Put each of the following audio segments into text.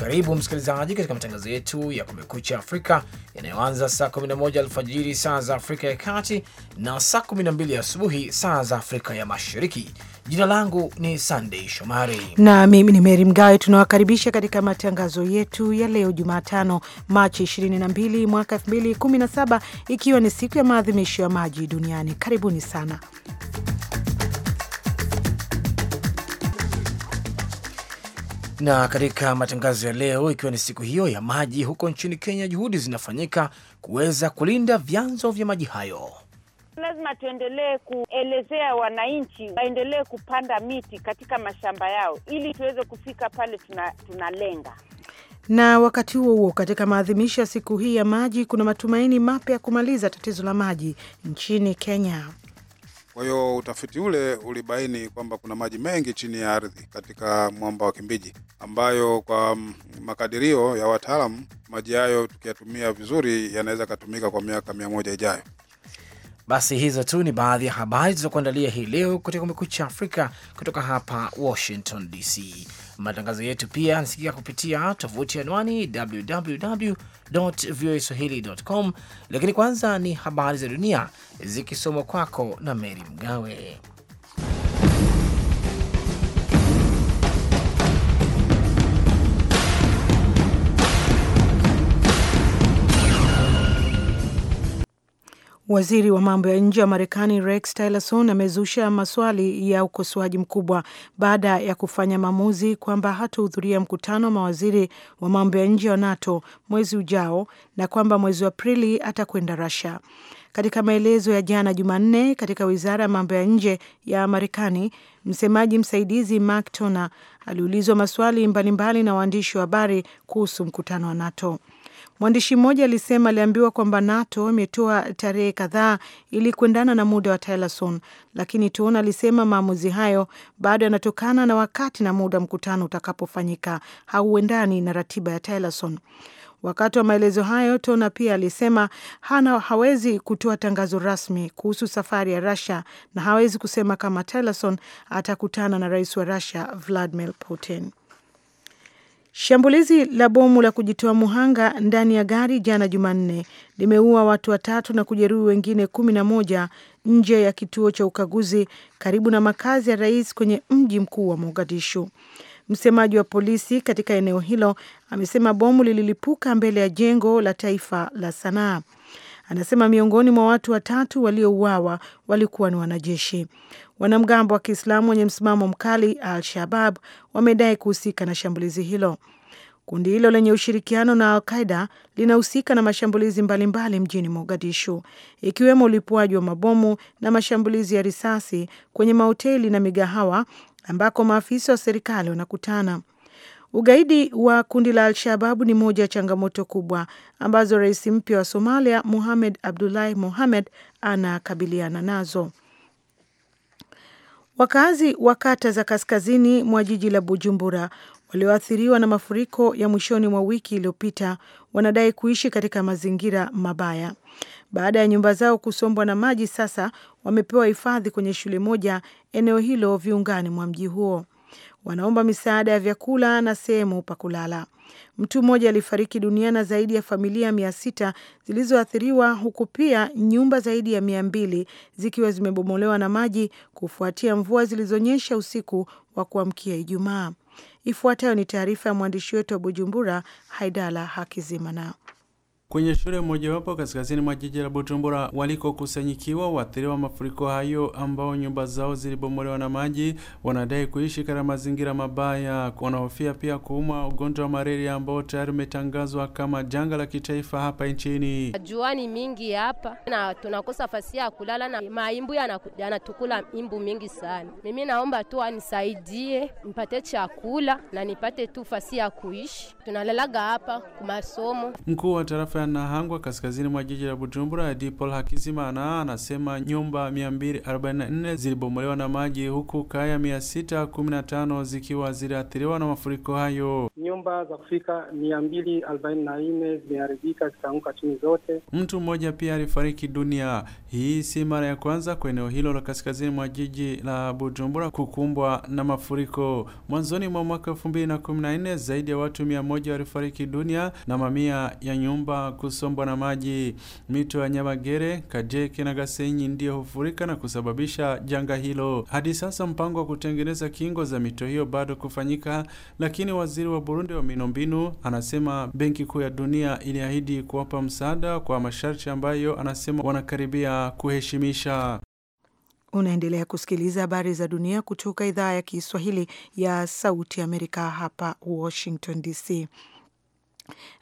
Karibu msikilizaji katika matangazo yetu ya Kumekucha Afrika yanayoanza saa 11 alfajiri saa za Afrika ya Kati na saa 12 asubuhi saa za Afrika ya Mashariki. Jina langu ni sandey Shomari na mimi ni Meri Mgawe. Tunawakaribisha katika matangazo yetu ya leo Jumatano, Machi 22 mwaka 2017, ikiwa ni siku ya maadhimisho ya maji duniani. Karibuni sana. Na katika matangazo ya leo, ikiwa ni siku hiyo ya maji huko nchini Kenya, juhudi zinafanyika kuweza kulinda vyanzo vya maji hayo. Lazima tuendelee kuelezea wananchi waendelee kupanda miti katika mashamba yao ili tuweze kufika pale tunalenga. Tuna na wakati huo huo, katika maadhimisho ya siku hii ya maji, kuna matumaini mapya ya kumaliza tatizo la maji nchini Kenya. Kwa hiyo utafiti ule ulibaini kwamba kuna maji mengi chini ya ardhi katika mwamba wa Kimbiji, ambayo kwa makadirio ya wataalamu maji hayo tukiyatumia vizuri yanaweza yakatumika kwa miaka mia moja ijayo. Basi hizo tu ni baadhi ya habari zilizokuandalia hii leo katika Kumekucha Afrika kutoka hapa Washington DC. Matangazo yetu pia yanasikika kupitia tovuti anwani www voa swahili.com, lakini kwanza ni habari za dunia zikisomwa kwako na Meri Mgawe. Waziri wa mambo ya nje wa Marekani Rex Tillerson amezusha maswali ya ukosoaji mkubwa baada ya kufanya maamuzi kwamba hatahudhuria mkutano wa mawaziri wa mambo ya nje wa NATO mwezi ujao na kwamba mwezi wa Aprili atakwenda Russia. Katika maelezo ya jana Jumanne katika wizara ya mambo ya nje ya Marekani, msemaji msaidizi Mark Toner aliulizwa maswali mbalimbali na waandishi wa habari kuhusu mkutano wa NATO. Mwandishi mmoja alisema aliambiwa kwamba NATO imetoa tarehe kadhaa ili kuendana na muda wa Tillerson, lakini Tuona alisema maamuzi hayo bado yanatokana na wakati na muda mkutano utakapofanyika, hauendani na ratiba ya Tillerson. Wakati wa maelezo hayo, Tona pia alisema hana hawezi kutoa tangazo rasmi kuhusu safari ya rasia na hawezi kusema kama Tillerson atakutana na rais wa rusia Vladimir Putin. Shambulizi la bomu la kujitoa muhanga ndani ya gari jana Jumanne limeua watu watatu na kujeruhi wengine kumi na moja nje ya kituo cha ukaguzi karibu na makazi ya rais kwenye mji mkuu wa Mogadishu. Msemaji wa polisi katika eneo hilo amesema bomu lililipuka mbele ya jengo la taifa la sanaa. Anasema miongoni mwa watu watatu waliouawa walikuwa ni wanajeshi. Wanamgambo wa Kiislamu wenye msimamo mkali Al-Shabab wamedai kuhusika na shambulizi hilo. Kundi hilo lenye ushirikiano na Al-Qaida linahusika na mashambulizi mbalimbali mbali mjini Mogadishu, ikiwemo ulipuaji wa mabomu na mashambulizi ya risasi kwenye mahoteli na migahawa ambako maafisa wa serikali wanakutana. Ugaidi wa kundi la Al-Shababu ni moja ya changamoto kubwa ambazo rais mpya wa Somalia muhamed Abdullahi muhamed anakabiliana nazo. Wakazi wa kata za kaskazini mwa jiji la Bujumbura walioathiriwa na mafuriko ya mwishoni mwa wiki iliyopita wanadai kuishi katika mazingira mabaya baada ya nyumba zao kusombwa na maji. Sasa wamepewa hifadhi kwenye shule moja eneo hilo viungani mwa mji huo. Wanaomba misaada ya vyakula na sehemu pa kulala. Mtu mmoja alifariki dunia na zaidi ya familia mia sita zilizoathiriwa huku pia nyumba zaidi ya mia mbili zikiwa zimebomolewa na maji kufuatia mvua zilizonyesha usiku wa kuamkia Ijumaa. Ifuatayo ni taarifa ya mwandishi wetu wa Bujumbura, Haidala Hakizimana. Kwenye shule mojawapo kaskazini mwa jiji la Bujumbura walikokusanyikiwa waathiriwa wa mafuriko hayo ambao nyumba zao zilibomolewa na maji, wanadai kuishi katika mazingira mabaya. Wanahofia pia kuumwa ugonjwa wa malaria ambao tayari umetangazwa kama janga la kitaifa hapa nchini. Juani mingi hapa na tunakosa fasi ya kulala na maimbu yanatukula imbu mingi sana. Mimi naomba tu anisaidie nipate chakula na nipate tu fasi ya kuishi, tunalalaga hapa masomo Mkuu wa tarafa tarafa ya Nahangwa kaskazini mwa jiji la Bujumbura, hadi Paul Hakizimana anasema nyumba 244 zilibomolewa na maji huku kaya 615 zikiwa ziliathiriwa na mafuriko hayo. Nyumba za kufika 244 zimeharibika zikaanguka chini zote. Mtu mmoja pia alifariki dunia. Hii si mara ya kwanza kwa eneo hilo la kaskazini mwa jiji la Bujumbura kukumbwa na mafuriko. Mwanzoni mwa mwaka 2014 zaidi ya watu 100 walifariki dunia na mamia ya nyumba kusombwa na maji. Mito ya Nyamagere, Kajeke na Gasenyi ndiyo hufurika na kusababisha janga hilo. Hadi sasa mpango wa kutengeneza kingo za mito hiyo bado kufanyika, lakini waziri wa Burundi wa miundombinu anasema Benki Kuu ya Dunia iliahidi kuwapa msaada kwa masharti ambayo anasema wanakaribia kuheshimisha. Unaendelea kusikiliza habari za dunia kutoka idhaa ya Kiswahili ya Sauti Amerika hapa Washington DC.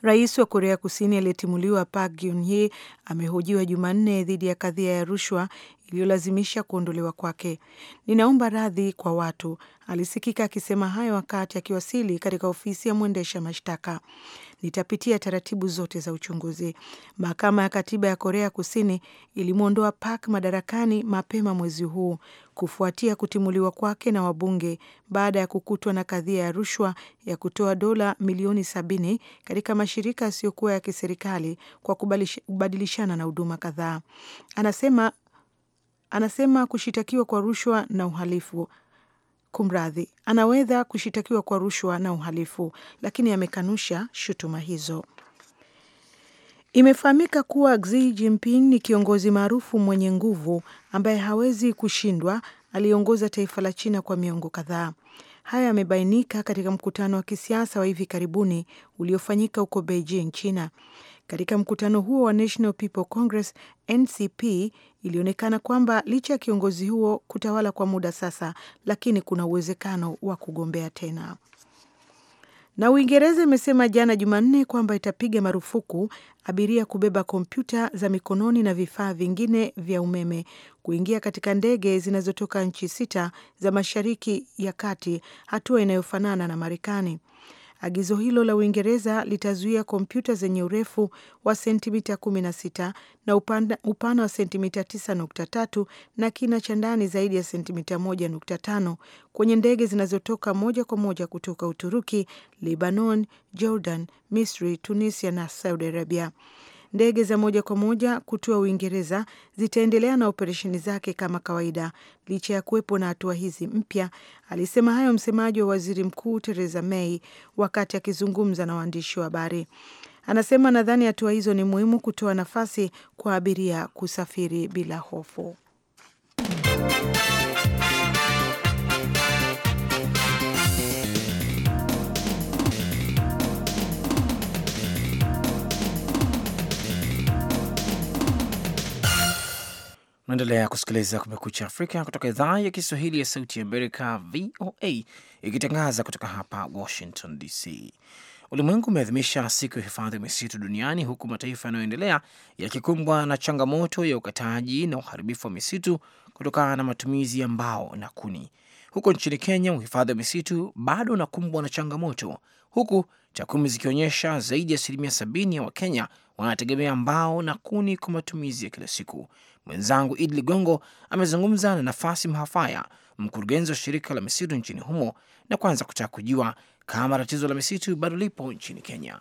Rais wa Korea Kusini aliyetimuliwa Park Geun-hye amehojiwa Jumanne dhidi ya kadhia ya rushwa iliyolazimisha kuondolewa kwake. Ninaomba radhi kwa watu, alisikika akisema hayo wakati akiwasili katika ofisi ya mwendesha mashtaka litapitia taratibu zote za uchunguzi. Mahakama ya Katiba ya Korea Kusini ilimwondoa Park madarakani mapema mwezi huu kufuatia kutimuliwa kwake na wabunge baada ya kukutwa na kadhia ya rushwa ya kutoa dola milioni sabini katika mashirika yasiyokuwa ya kiserikali kwa kubadilishana na huduma kadhaa. Anasema anasema kushitakiwa kwa rushwa na uhalifu Kumradhi, anaweza kushitakiwa kwa rushwa na uhalifu, lakini amekanusha shutuma hizo. Imefahamika kuwa Xi Jinping ni kiongozi maarufu mwenye nguvu ambaye hawezi kushindwa. Aliongoza taifa la China kwa miongo kadhaa. Haya yamebainika katika mkutano wa kisiasa wa hivi karibuni uliofanyika huko Beijing, China. Katika mkutano huo wa National People Congress NCP ilionekana kwamba licha ya kiongozi huo kutawala kwa muda sasa, lakini kuna uwezekano wa kugombea tena. Na Uingereza imesema jana Jumanne kwamba itapiga marufuku abiria kubeba kompyuta za mikononi na vifaa vingine vya umeme kuingia katika ndege zinazotoka nchi sita za Mashariki ya Kati, hatua inayofanana na Marekani. Agizo hilo la Uingereza litazuia kompyuta zenye urefu wa sentimita 16 na upana, upana wa sentimita 9.3 na kina cha ndani zaidi ya sentimita 1.5 kwenye ndege zinazotoka moja kwa moja kutoka Uturuki, Lebanon, Jordan, Misri, Tunisia na Saudi Arabia ndege za moja kwa moja kutua Uingereza zitaendelea na operesheni zake kama kawaida licha ya kuwepo na hatua hizi mpya. Alisema hayo msemaji wa waziri mkuu Theresa May wakati akizungumza na waandishi wa habari. Anasema nadhani hatua hizo ni muhimu kutoa nafasi kwa abiria kusafiri bila hofu. Unaendelea kusikiliza Kumekucha Afrika kutoka idhaa ya Kiswahili ya Sauti ya Amerika, VOA, ikitangaza kutoka hapa Washington DC. Ulimwengu umeadhimisha siku ya hifadhi ya misitu duniani, huku mataifa yanayoendelea yakikumbwa na changamoto ya ukataji na uharibifu wa misitu kutokana na matumizi ya mbao na kuni. Huko nchini Kenya, uhifadhi wa misitu bado unakumbwa na changamoto, huku takwimu zikionyesha zaidi ya asilimia sabini ya Wakenya wanategemea mbao na kuni kwa matumizi ya kila siku. Mwenzangu Id Ligongo amezungumza na Nafasi Mhafaya, mkurugenzi wa shirika la misitu nchini humo, na kwanza kutaka kujua kama tatizo la misitu bado lipo nchini Kenya.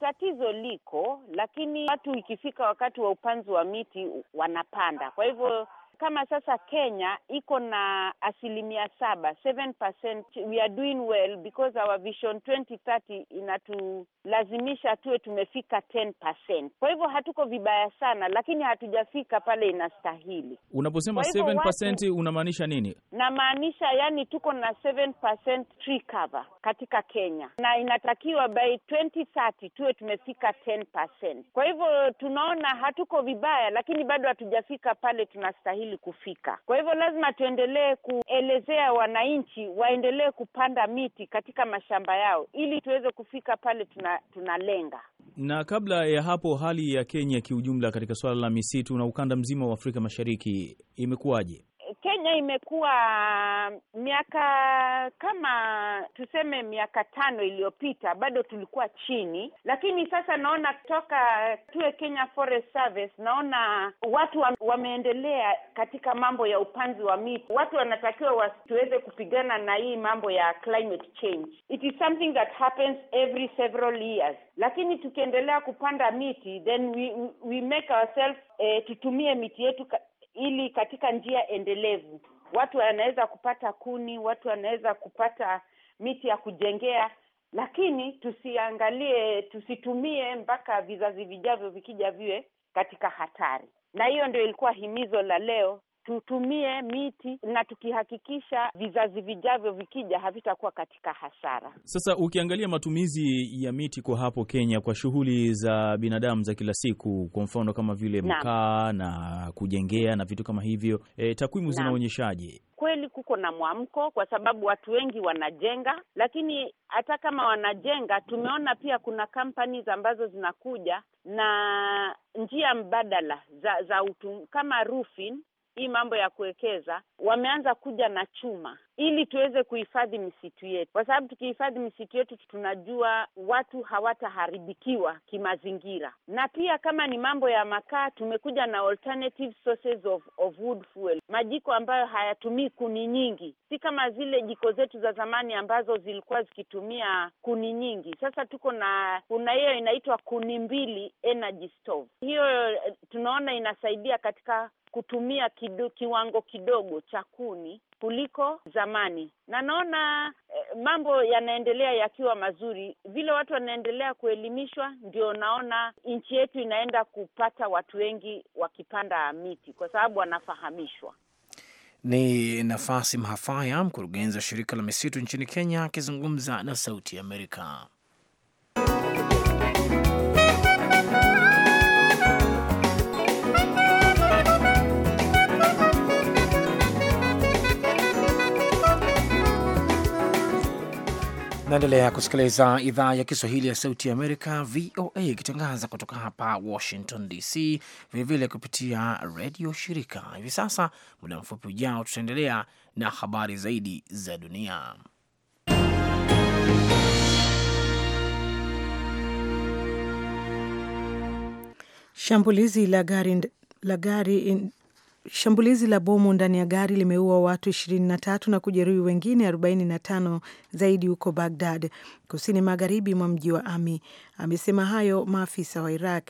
Tatizo liko, lakini watu ikifika wakati wa upanzi wa miti wanapanda, kwa hivyo kama sasa Kenya iko na asilimia saba, 7%, we are doing well because our vision 2030 inatulazimisha tuwe tumefika 10%. Kwa hivyo hatuko vibaya sana, lakini hatujafika pale inastahili. Unaposema 7% unamaanisha nini? Namaanisha yani tuko na 7% tree cover katika Kenya na inatakiwa by 2030 tuwe tumefika 10%. Kwa hivyo tunaona hatuko vibaya, lakini bado hatujafika pale tunastahili wanastahili kufika. Kwa hivyo lazima tuendelee kuelezea wananchi waendelee kupanda miti katika mashamba yao ili tuweze kufika pale tuna, tunalenga. Na kabla ya hapo, hali ya Kenya kiujumla katika suala la misitu na ukanda mzima wa Afrika Mashariki imekuwaje? Kenya imekuwa miaka kama tuseme miaka tano iliyopita bado tulikuwa chini, lakini sasa naona toka tuwe Kenya Forest Service, naona watu wa, wameendelea katika mambo ya upanzi wa miti. Watu wanatakiwa tuweze kupigana na hii mambo ya climate change. It is something that happens every several years, lakini tukiendelea kupanda miti then we, we make ourselves eh, tutumie miti yetu ili katika njia endelevu watu wanaweza kupata kuni, watu wanaweza kupata miti ya kujengea, lakini tusiangalie, tusitumie mpaka vizazi vijavyo vikija viwe katika hatari. Na hiyo ndio ilikuwa himizo la leo tutumie miti na tukihakikisha vizazi vijavyo vikija havitakuwa katika hasara. Sasa ukiangalia matumizi ya miti kwa hapo Kenya kwa shughuli za binadamu za kila siku, kwa mfano kama vile mkaa na kujengea na vitu kama hivyo, e, takwimu zinaonyeshaje? Kweli kuko na mwamko, kwa sababu watu wengi wanajenga, lakini hata kama wanajenga, tumeona pia kuna kampani ambazo zinakuja na njia mbadala za, za utum, kama roofing hii mambo ya kuwekeza wameanza kuja na chuma ili tuweze kuhifadhi misitu yetu, kwa sababu tukihifadhi misitu yetu tunajua watu hawataharibikiwa kimazingira, na pia kama ni mambo ya makaa, tumekuja na alternative sources of, of wood fuel, majiko ambayo hayatumii kuni nyingi, si kama zile jiko zetu za zamani ambazo zilikuwa zikitumia kuni nyingi. Sasa tuko na kuna hiyo inaitwa kuni mbili energy stove, hiyo eh, tunaona inasaidia katika kutumia kidu, kiwango kidogo cha kuni kuliko zamani, na naona eh, mambo yanaendelea yakiwa mazuri. Vile watu wanaendelea kuelimishwa, ndio naona nchi yetu inaenda kupata watu wengi wakipanda miti, kwa sababu wanafahamishwa. Ni Nafasi Mhafaya, mkurugenzi wa shirika la misitu nchini Kenya, akizungumza na Sauti Amerika. Naendelea kusikiliza idhaa ya Kiswahili ya Sauti ya Amerika, VOA, ikitangaza kutoka hapa Washington DC, vilevile kupitia redio shirika. Hivi sasa, muda mfupi ujao, tutaendelea na habari zaidi za dunia. Shambulizi la gari la gari Shambulizi la bomu ndani ya gari limeua watu 23 na kujeruhi wengine 45 zaidi huko Bagdad, kusini magharibi mwa mji wa Ami. Amesema hayo maafisa wa Iraq.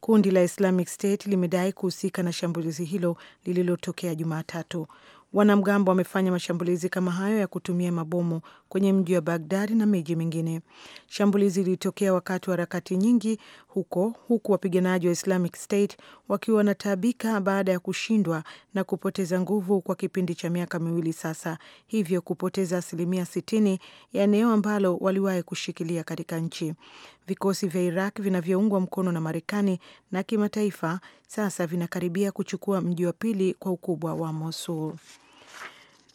Kundi la Islamic State limedai kuhusika na shambulizi hilo lililotokea Jumatatu. Wanamgambo wamefanya mashambulizi kama hayo ya kutumia mabomu kwenye mji wa Bagdad na miji mingine. Shambulizi lilitokea wakati wa harakati nyingi huko huku wapiganaji wa Islamic State wakiwa wanataabika baada ya kushindwa na kupoteza nguvu kwa kipindi cha miaka miwili sasa, hivyo kupoteza asilimia sitini ya eneo ambalo waliwahi kushikilia katika nchi. Vikosi vya Iraq vinavyoungwa mkono na Marekani na kimataifa sasa vinakaribia kuchukua mji wa pili kwa ukubwa wa Mosul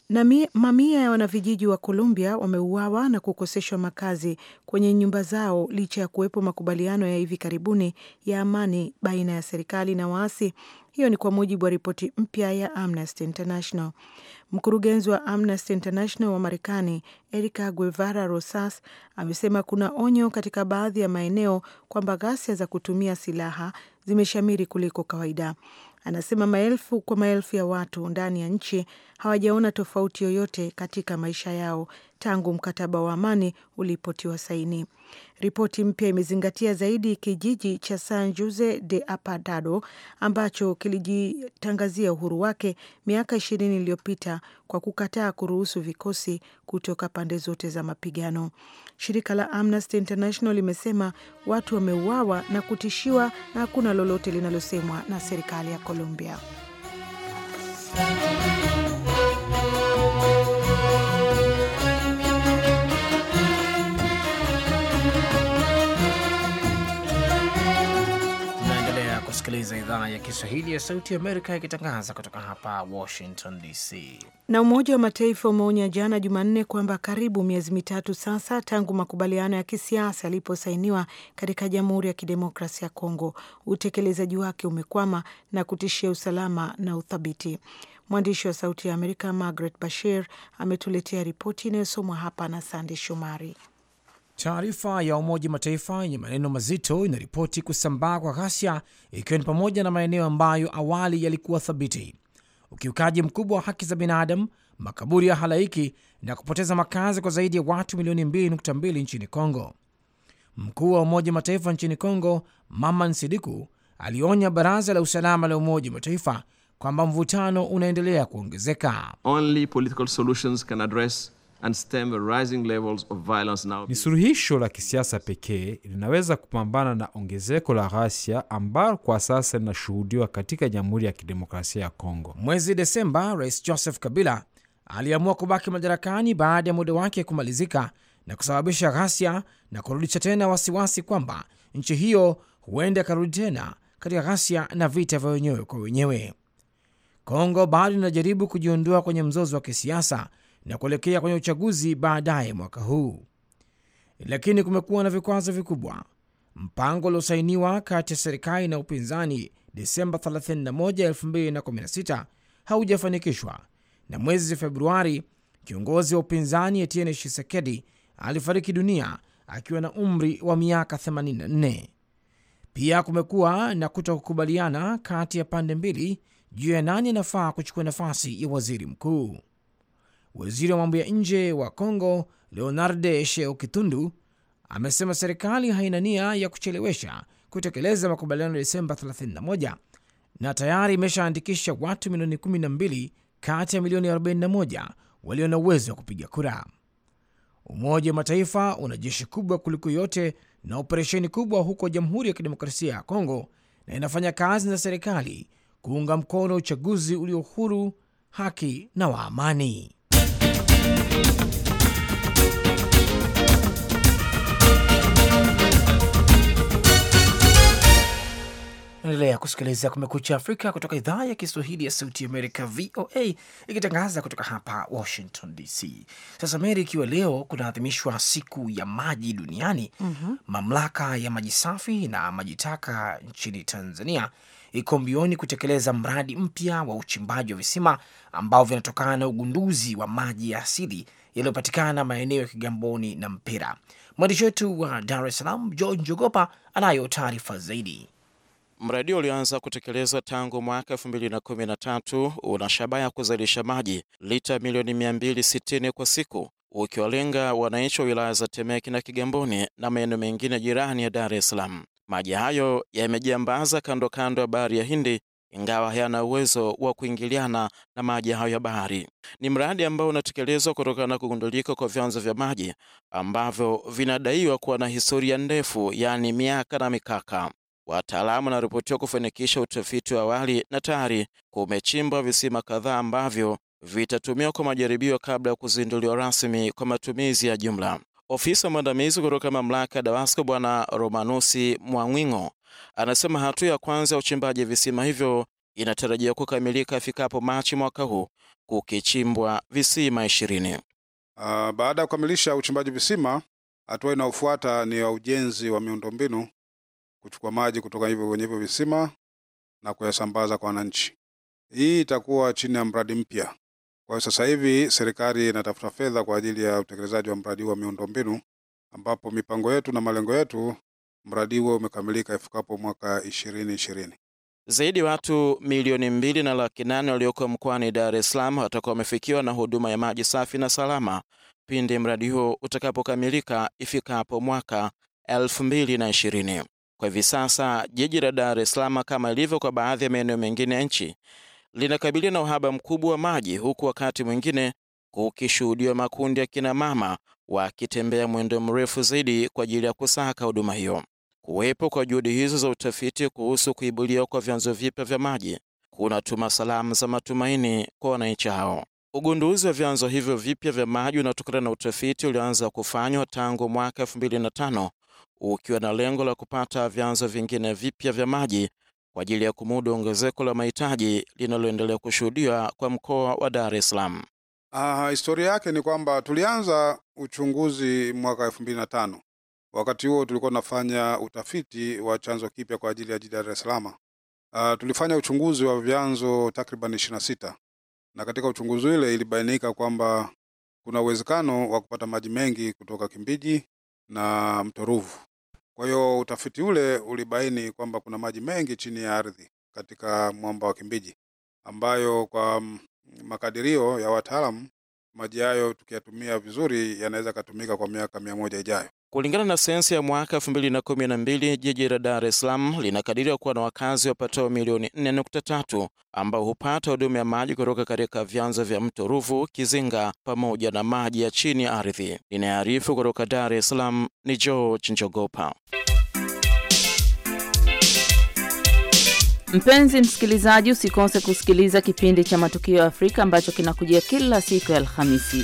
na mamia ya wanavijiji wa Colombia wameuawa na kukoseshwa makazi kwenye nyumba zao licha ya kuwepo makubaliano ya hivi karibuni ya amani baina ya serikali na waasi. Hiyo ni kwa mujibu wa ripoti mpya ya Amnesty International. Mkurugenzi wa Amnesty International wa Marekani, Erica Guevara Rosas, amesema kuna onyo katika baadhi ya maeneo kwamba ghasia za kutumia silaha zimeshamiri kuliko kawaida. Anasema maelfu kwa maelfu ya watu ndani ya nchi hawajaona tofauti yoyote katika maisha yao tangu mkataba wa amani ulipotiwa saini. Ripoti mpya imezingatia zaidi kijiji cha San Jose de Apartado ambacho kilijitangazia uhuru wake miaka ishirini iliyopita kwa kukataa kuruhusu vikosi kutoka pande zote za mapigano. Shirika la Amnesty International limesema watu wameuawa na kutishiwa na hakuna lolote linalosemwa na serikali ya Colombia. idhaa ya Kiswahili ya Sauti Amerika ikitangaza kutoka hapa Washington DC. Na Umoja wa Mataifa umeonya jana Jumanne kwamba karibu miezi mitatu sasa tangu makubaliano ya kisiasa yaliposainiwa katika Jamhuri ya Kidemokrasia ya Kongo, utekelezaji wake umekwama na kutishia usalama na uthabiti. Mwandishi wa Sauti ya Amerika Margaret Bashir ametuletea ripoti inayosomwa hapa na Sande Shomari. Taarifa ya Umoja Mataifa yenye maneno mazito inaripoti kusambaa kwa ghasia, ikiwa ni pamoja na maeneo ambayo awali yalikuwa thabiti, ukiukaji mkubwa wa haki za binadamu, makaburi ya halaiki na kupoteza makazi kwa zaidi ya watu milioni 2.2 nchini Kongo. Mkuu wa Umoja Mataifa nchini Kongo, Maman Sidiku, alionya Baraza la Usalama la Umoja Mataifa kwamba mvutano unaendelea kuongezeka. Only political solutions can address And stem the rising levels of violence now. Ni suluhisho la kisiasa pekee linaweza kupambana na ongezeko la ghasia ambalo kwa sasa linashuhudiwa katika Jamhuri ya Kidemokrasia ya Kongo. Mwezi Desemba, Rais Joseph Kabila aliamua kubaki madarakani baada ya muda wake kumalizika na kusababisha ghasia na kurudisha tena wasiwasi kwamba nchi hiyo huenda ikarudi tena katika ghasia na vita vya wenyewe kwa wenyewe. Kongo bado inajaribu kujiondoa kwenye mzozo wa kisiasa na kuelekea kwenye uchaguzi baadaye mwaka huu. Lakini kumekuwa na vikwazo vikubwa. Mpango uliosainiwa kati ya serikali na upinzani Desemba 31, haujafanikishwa na mwezi Februari kiongozi wa upinzani etiene shisekedi alifariki dunia akiwa na umri wa miaka 84. Pia kumekuwa na kutokukubaliana kati ya pande mbili juu ya nani anafaa kuchukua nafasi ya waziri mkuu. Waziri wa mambo ya nje wa congo Leonarde Sheo Kitundu amesema serikali haina nia ya kuchelewesha kutekeleza makubaliano ya Desemba 31 na tayari imeshaandikisha watu milioni 12 kati ya milioni 41 walio na uwezo wa kupiga kura. Umoja wa Mataifa una jeshi kubwa kuliko yote na operesheni kubwa huko Jamhuri ya Kidemokrasia ya Kongo na inafanya kazi na serikali kuunga mkono uchaguzi ulio huru, haki na wa amani. Endelea kusikiliza Kumekucha Afrika kutoka idhaa ya Kiswahili ya Sauti Amerika, VOA, ikitangaza kutoka hapa Washington DC. Sasa Meri, ikiwa leo kunaadhimishwa siku ya maji duniani, mm -hmm. mamlaka ya maji safi na maji taka nchini Tanzania iko mbioni kutekeleza mradi mpya wa uchimbaji wa visima ambao vinatokana na ugunduzi wa maji ya asili yaliyopatikana maeneo ya Kigamboni na Mpira. Mwandishi wetu wa Dar es Salaam George Njogopa anayo taarifa zaidi. Mradi ulioanza kutekelezwa tangu mwaka tatu una shabaha ya kuzalisha maji lita milioni 260 kwa siku ukiwalenga wananchi wa wilaya za Temeke na Kigamboni na maeneo mengine jirani ya Dar es Salaam. Maji hayo yamejiambaza kando kando ya bahari ya Hindi, ingawa hayana uwezo wa kuingiliana na maji hayo ya bahari. Ni mradi ambao unatekelezwa kutokana na kugundulika kwa vyanzo vya maji ambavyo vinadaiwa kuwa na historia ndefu, yaani miaka na mikaka. Wataalamu wanaripotiwa kufanikisha utafiti wa awali na tayari kumechimbwa visima kadhaa ambavyo vitatumiwa kwa majaribio kabla ya kuzinduliwa rasmi kwa matumizi ya jumla. Ofisa mwandamizi kutoka mamlaka ya DAWASCO Bwana Romanusi Mwang'wing'o anasema hatua ya kwanza ya uchimbaji visima hivyo inatarajia kukamilika ifikapo Machi mwaka huu, kukichimbwa visima ishirini. Uh, baada ya kukamilisha uchimbaji visima, hatua inayofuata ni ya ujenzi wa miundombinu kuchukua maji kutoka hivyo kwenye hivyo visima na kuyasambaza kwa wananchi. Hii itakuwa chini ya mradi mpya kwa hiyo sasa hivi serikali inatafuta fedha kwa ajili ya utekelezaji wa mradi wa miundombinu ambapo mipango yetu na malengo yetu mradi huo umekamilika ifikapo mwaka 2020. Zaidi watu milioni mbili na laki nane walioko mkoani Dar es Salaam watakuwa wamefikiwa na huduma ya maji safi na salama pindi mradi huo utakapokamilika ifikapo mwaka elfu mbili na ishirini. Kwa hivi sasa jiji la Dar es Salaam kama ilivyo kwa baadhi ya maeneo mengine ya nchi linakabiliwa na uhaba mkubwa wa maji, huku wakati mwingine kukishuhudiwa makundi ya kina mama wakitembea mwendo mrefu zaidi kwa ajili ya kusaka huduma hiyo. Kuwepo kwa juhudi hizo za utafiti kuhusu kuibuliwa kwa vyanzo vipya vya maji kunatuma salamu za matumaini kwa wananchi hao. Ugunduzi wa vyanzo hivyo vipya vya maji unatokana na utafiti ulioanza kufanywa tangu mwaka 2005 ukiwa na lengo la kupata vyanzo vingine vipya vya maji kwa ajili ya kumudu ongezeko la mahitaji linaloendelea kushuhudiwa kwa mkoa wa Dar es Salaam. Ah, historia yake ni kwamba tulianza uchunguzi mwaka elfu mbili na tano. Wakati huo tulikuwa tunafanya utafiti wa chanzo kipya kwa ajili ya jiji Dar es Salaam. Ah, tulifanya uchunguzi wa vyanzo takriban ishirini na sita na katika uchunguzi ule ilibainika kwamba kuna uwezekano wa kupata maji mengi kutoka Kimbiji na mto Ruvu. Kwa hiyo utafiti ule ulibaini kwamba kuna maji mengi chini ya ardhi katika mwamba wa Kimbiji ambayo kwa mm, makadirio ya wataalamu maji hayo tukiyatumia vizuri yanaweza yakatumika kwa miaka mia moja ijayo. Kulingana na sensa ya mwaka 2012 jiji la Dar es Salaam linakadiriwa kuwa na wakazi wapatao milioni 4.3 ambao hupata huduma ya maji kutoka katika vyanzo vya mto Ruvu, Kizinga pamoja na maji ya chini ya ardhi. Ninaarifu kutoka Dar es Salaam ni George Njogopa. Mpenzi msikilizaji, usikose kusikiliza kipindi cha Matukio ya Afrika ambacho kinakujia kila siku ya Alhamisi.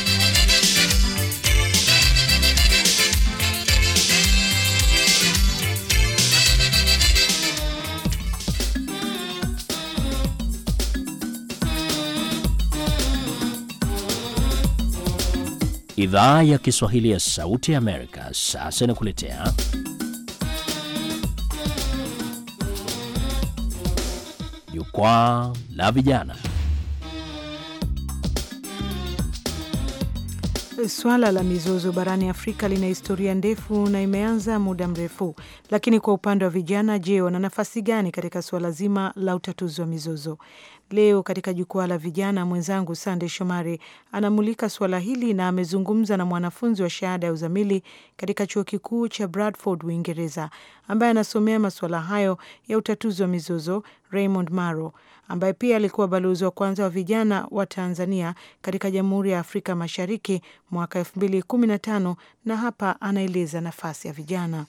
Idhaa ya Kiswahili ya Sauti ya Amerika sasa inakuletea Jukwaa la Vijana. Suala la mizozo barani Afrika lina historia ndefu na imeanza muda mrefu, lakini kwa upande wa vijana, je, wana nafasi gani katika suala zima la utatuzi wa mizozo? Leo katika jukwaa la vijana, mwenzangu Sande Shomari anamulika suala hili na amezungumza na mwanafunzi wa shahada ya uzamili katika chuo kikuu cha Bradford, Uingereza, ambaye anasomea masuala hayo ya utatuzi wa mizozo, Raymond Maro, ambaye pia alikuwa balozi wa kwanza wa vijana wa Tanzania katika Jamhuri ya Afrika Mashariki mwaka elfu mbili kumi na tano na hapa anaeleza nafasi ya vijana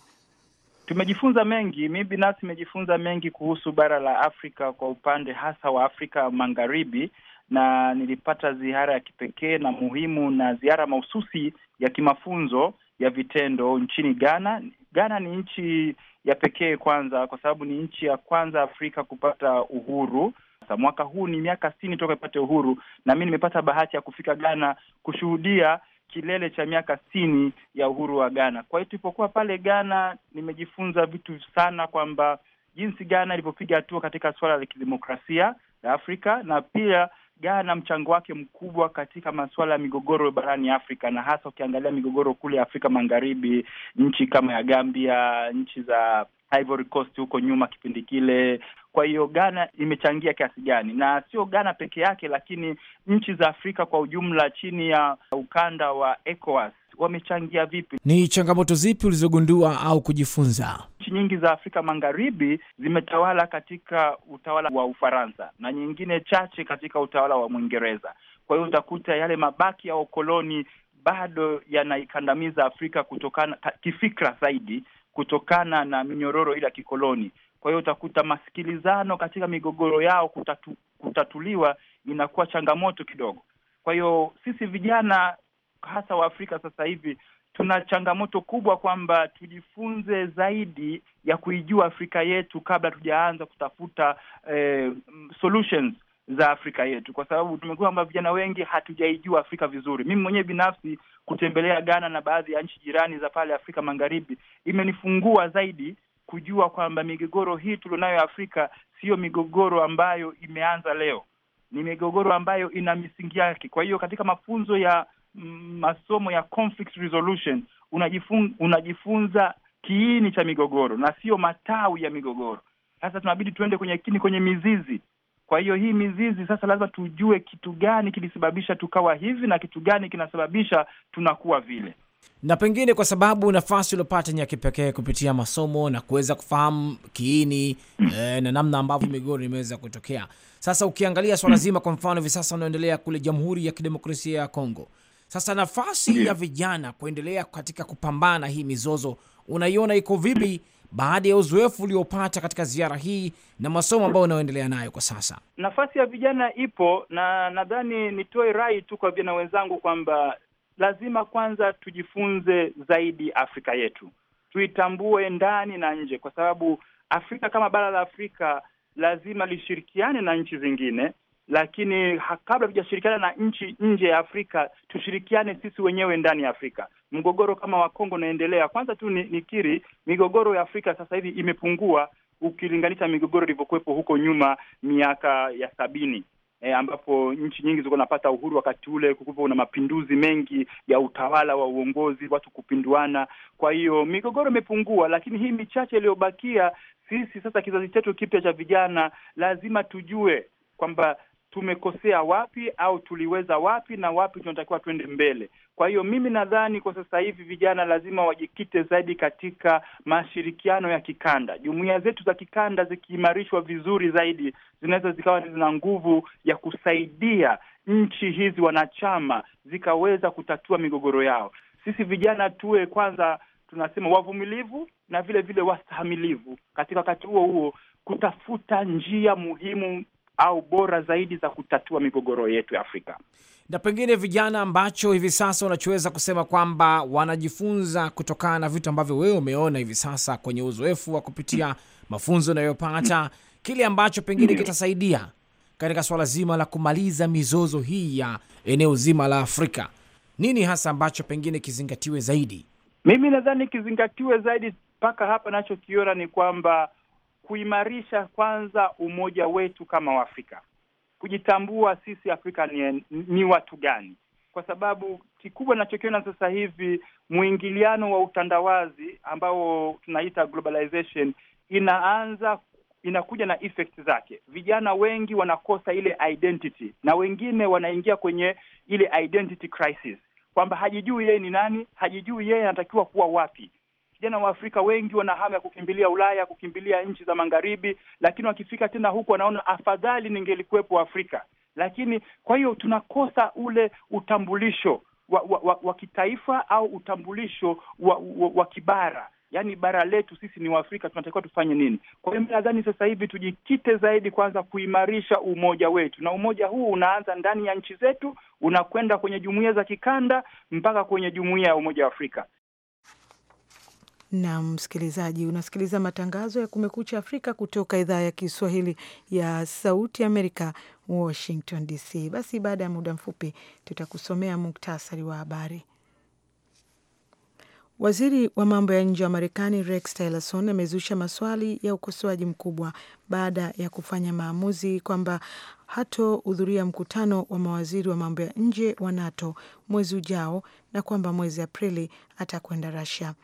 tumejifunza mengi. Mi binafsi nimejifunza mengi kuhusu bara la Afrika kwa upande hasa wa Afrika Magharibi, na nilipata ziara ya kipekee na muhimu na ziara mahususi ya kimafunzo ya vitendo nchini Ghana. Ghana ni nchi ya pekee kwanza, kwa sababu ni nchi ya kwanza Afrika kupata uhuru. Sasa mwaka huu ni miaka sitini toka ipate uhuru, na mi nimepata bahati ya kufika Ghana kushuhudia kilele cha miaka sitini ya uhuru wa Ghana. Kwa hiyo tulipokuwa pale Ghana, nimejifunza vitu sana, kwamba jinsi Ghana ilivyopiga hatua katika suala la kidemokrasia la Afrika na pia Ghana mchango wake mkubwa katika masuala ya migogoro barani Afrika na hasa ukiangalia migogoro kule Afrika Magharibi, nchi kama ya Gambia, nchi za Ivory Coast huko nyuma kipindi kile, kwa hiyo Ghana imechangia kiasi gani? Na sio Ghana peke yake, lakini nchi za Afrika kwa ujumla chini ya ukanda wa ECOWAS wamechangia vipi? Ni changamoto zipi ulizogundua au kujifunza? Nchi nyingi za Afrika Magharibi zimetawala katika utawala wa Ufaransa na nyingine chache katika utawala wa Mwingereza. Kwa hiyo utakuta yale mabaki ya ukoloni bado yanaikandamiza Afrika kutokana kifikra zaidi, kutokana na minyororo ile ya kikoloni. Kwa hiyo utakuta masikilizano katika migogoro yao kutatu, kutatuliwa inakuwa changamoto kidogo. Kwa hiyo sisi vijana hasa wa Afrika sasa hivi tuna changamoto kubwa kwamba tujifunze zaidi ya kuijua Afrika yetu kabla tujaanza kutafuta eh, solutions za Afrika yetu, kwa sababu tumekuwa kwamba vijana wengi hatujaijua Afrika vizuri. Mimi mwenyewe binafsi kutembelea Ghana na baadhi ya nchi jirani za pale Afrika Magharibi imenifungua zaidi kujua kwamba migogoro hii tulionayo Afrika siyo migogoro ambayo imeanza leo, ni migogoro ambayo ina misingi yake. Kwa hiyo katika mafunzo ya mm, masomo ya conflict resolution unajifun, unajifunza kiini cha migogoro na sio matawi ya migogoro. Sasa tunabidi tuende kwenye kini, kwenye mizizi. Kwa hiyo hii mizizi sasa lazima tujue kitu gani kilisababisha tukawa hivi na kitu gani kinasababisha tunakuwa vile na pengine kwa sababu nafasi uliopata ni ya kipekee kupitia masomo na kuweza kufahamu kiini e, na namna ambavyo migogoro imeweza kutokea. Sasa ukiangalia swala mm. zima, kwa mfano hivi sasa unaendelea kule Jamhuri ya Kidemokrasia ya Kongo, sasa nafasi ya vijana kuendelea katika kupambana hii mizozo unaiona iko vipi, baada ya uzoefu uliopata katika ziara hii na masomo ambayo unaoendelea nayo kwa sasa? Nafasi ya vijana ipo, na nadhani nitoe rai tu kwa vijana wenzangu kwamba lazima kwanza tujifunze zaidi Afrika yetu, tuitambue ndani na nje, kwa sababu Afrika kama bara la Afrika lazima lishirikiane na nchi zingine, lakini kabla tujashirikiana na nchi nje ya Afrika, tushirikiane sisi wenyewe ndani ya Afrika. Mgogoro kama wa Kongo unaendelea, kwanza tu nikiri, ni migogoro ya Afrika sasa hivi imepungua ukilinganisha migogoro ilivyokuwepo huko nyuma miaka ya sabini e, ambapo nchi nyingi zilikuwa napata uhuru wakati ule, kukuwa una mapinduzi mengi ya utawala wa uongozi, watu kupinduana. Kwa hiyo migogoro imepungua, lakini hii michache iliyobakia, sisi sasa, kizazi chetu kipya cha vijana, lazima tujue kwamba tumekosea wapi au tuliweza wapi na wapi tunatakiwa tuende mbele. Kwa hiyo mimi nadhani kwa sasa hivi vijana lazima wajikite zaidi katika mashirikiano ya kikanda. Jumuiya zetu za kikanda zikiimarishwa vizuri zaidi, zinaweza zikawa zina nguvu ya kusaidia nchi hizi wanachama zikaweza kutatua migogoro yao. Sisi vijana tuwe kwanza tunasema wavumilivu na vile vile wastahamilivu, katika wakati huo huo kutafuta njia muhimu au bora zaidi za kutatua migogoro yetu ya Afrika. Na pengine vijana ambacho hivi sasa unachoweza kusema kwamba wanajifunza kutokana na vitu ambavyo wewe umeona hivi sasa kwenye uzoefu wa kupitia mafunzo unayopata, kile ambacho pengine kitasaidia katika swala zima la kumaliza mizozo hii ya eneo zima la Afrika, nini hasa ambacho pengine kizingatiwe zaidi? Mimi nadhani kizingatiwe zaidi mpaka hapa nachokiona ni kwamba kuimarisha kwanza umoja wetu kama Waafrika, kujitambua sisi Afrika ni, ni watu gani, kwa sababu kikubwa nachokiona sasa hivi mwingiliano wa utandawazi ambao tunaita globalization inaanza inakuja na effect zake. Vijana wengi wanakosa ile identity, na wengine wanaingia kwenye ile identity crisis, kwamba hajijui yeye ni nani, hajijui yeye anatakiwa kuwa wapi vijana wa Afrika wengi wana hamu ya kukimbilia Ulaya, kukimbilia nchi za magharibi, lakini wakifika tena huku wanaona afadhali ningelikuwepo Afrika. Lakini kwa hiyo tunakosa ule utambulisho wa, wa, wa, wa kitaifa au utambulisho wa, wa, wa kibara Yaani bara letu sisi ni Waafrika, tunatakiwa tufanye nini? Kwa hiyo mi nadhani sasa hivi tujikite zaidi kwanza kuimarisha umoja wetu, na umoja huu unaanza ndani ya nchi zetu, unakwenda kwenye jumuiya za kikanda mpaka kwenye jumuiya ya Umoja wa Afrika na msikilizaji, unasikiliza matangazo ya Kumekucha Afrika kutoka idhaa ya Kiswahili ya Sauti Amerika, Washington DC. Basi baada ya muda mfupi tutakusomea muktasari wa habari. Waziri wa mambo ya nje wa Marekani Rex Tillerson amezusha maswali ya ukosoaji mkubwa baada ya kufanya maamuzi kwamba hatohudhuria mkutano wa mawaziri wa mambo ya nje wa NATO mwezi ujao na kwamba mwezi Aprili atakwenda rusia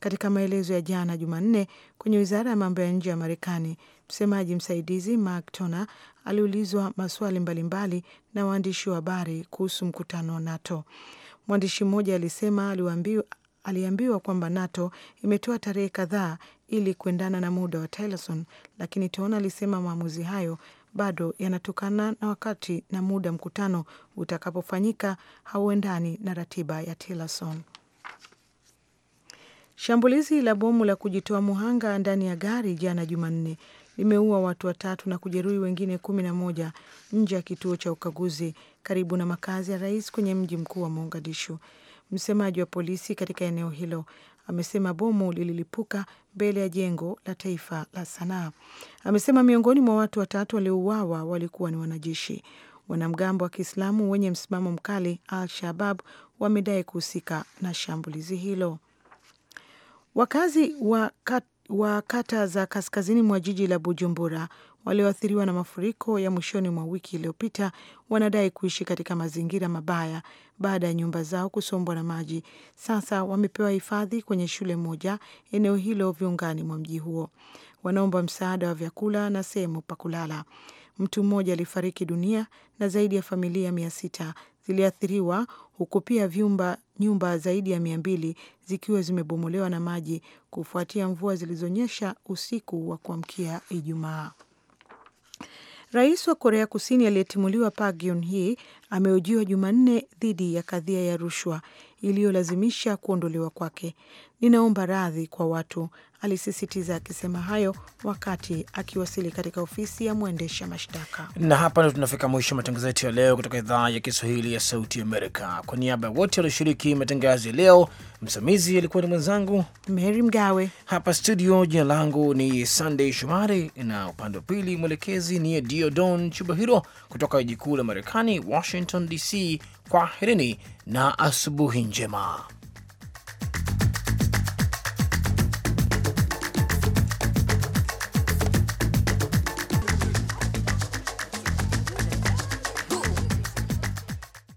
katika maelezo ya jana Jumanne kwenye wizara ya mambo ya nje ya Marekani, msemaji msaidizi Mark Tona aliulizwa maswali mbalimbali na waandishi wa habari kuhusu mkutano wa NATO. Mwandishi mmoja alisema aliwaambiwa aliambiwa kwamba NATO imetoa tarehe kadhaa ili kuendana na muda wa Tillerson, lakini Tona alisema maamuzi hayo bado yanatokana na wakati na muda mkutano utakapofanyika hauendani na ratiba ya Tillerson. Shambulizi la bomu la kujitoa muhanga ndani ya gari jana Jumanne limeua watu watatu na kujeruhi wengine kumi na moja nje ya kituo cha ukaguzi karibu na makazi ya rais kwenye mji mkuu wa Mogadishu. Msemaji wa polisi katika eneo hilo amesema bomu lililipuka mbele ya jengo la taifa la sanaa. Amesema miongoni mwa watu watatu waliouawa walikuwa ni wanajeshi. Wanamgambo wa Kiislamu wenye msimamo mkali Al Shabab wamedai kuhusika na shambulizi hilo. Wakazi wa, kat, wa kata za kaskazini mwa jiji la Bujumbura walioathiriwa na mafuriko ya mwishoni mwa wiki iliyopita wanadai kuishi katika mazingira mabaya baada ya nyumba zao kusombwa na maji. Sasa wamepewa hifadhi kwenye shule moja eneo hilo viungani mwa mji huo. Wanaomba msaada wa vyakula na sehemu pa kulala. Mtu mmoja alifariki dunia na zaidi ya familia mia sita ziliathiriwa huku pia vyumba nyumba zaidi ya mia mbili zikiwa zimebomolewa na maji kufuatia mvua zilizonyesha usiku wa kuamkia Ijumaa. Rais wa Korea Kusini aliyetimuliwa Park Geun-hye Jumanne dhidi ya kadhia ya rushwa iliyolazimisha kuondolewa kwake. Ninaomba radhi kwa watu alisisitiza akisema hayo wakati akiwasili katika ofisi ya mwendesha mashtaka. Na hapa ndo tunafika mwisho matangazo yetu ya leo kutoka idhaa ya Kiswahili ya Sauti Amerika. Kwa niaba ya wote walioshiriki matangazo ya leo, msimamizi alikuwa ni mwenzangu Mary Mgawe hapa studio. Jina langu ni sandey Shomari na upande wa pili mwelekezi ni Diodon Chubahiro kutoka jiji kuu la Marekani, Washington DC. Kwaherini na asubuhi njema.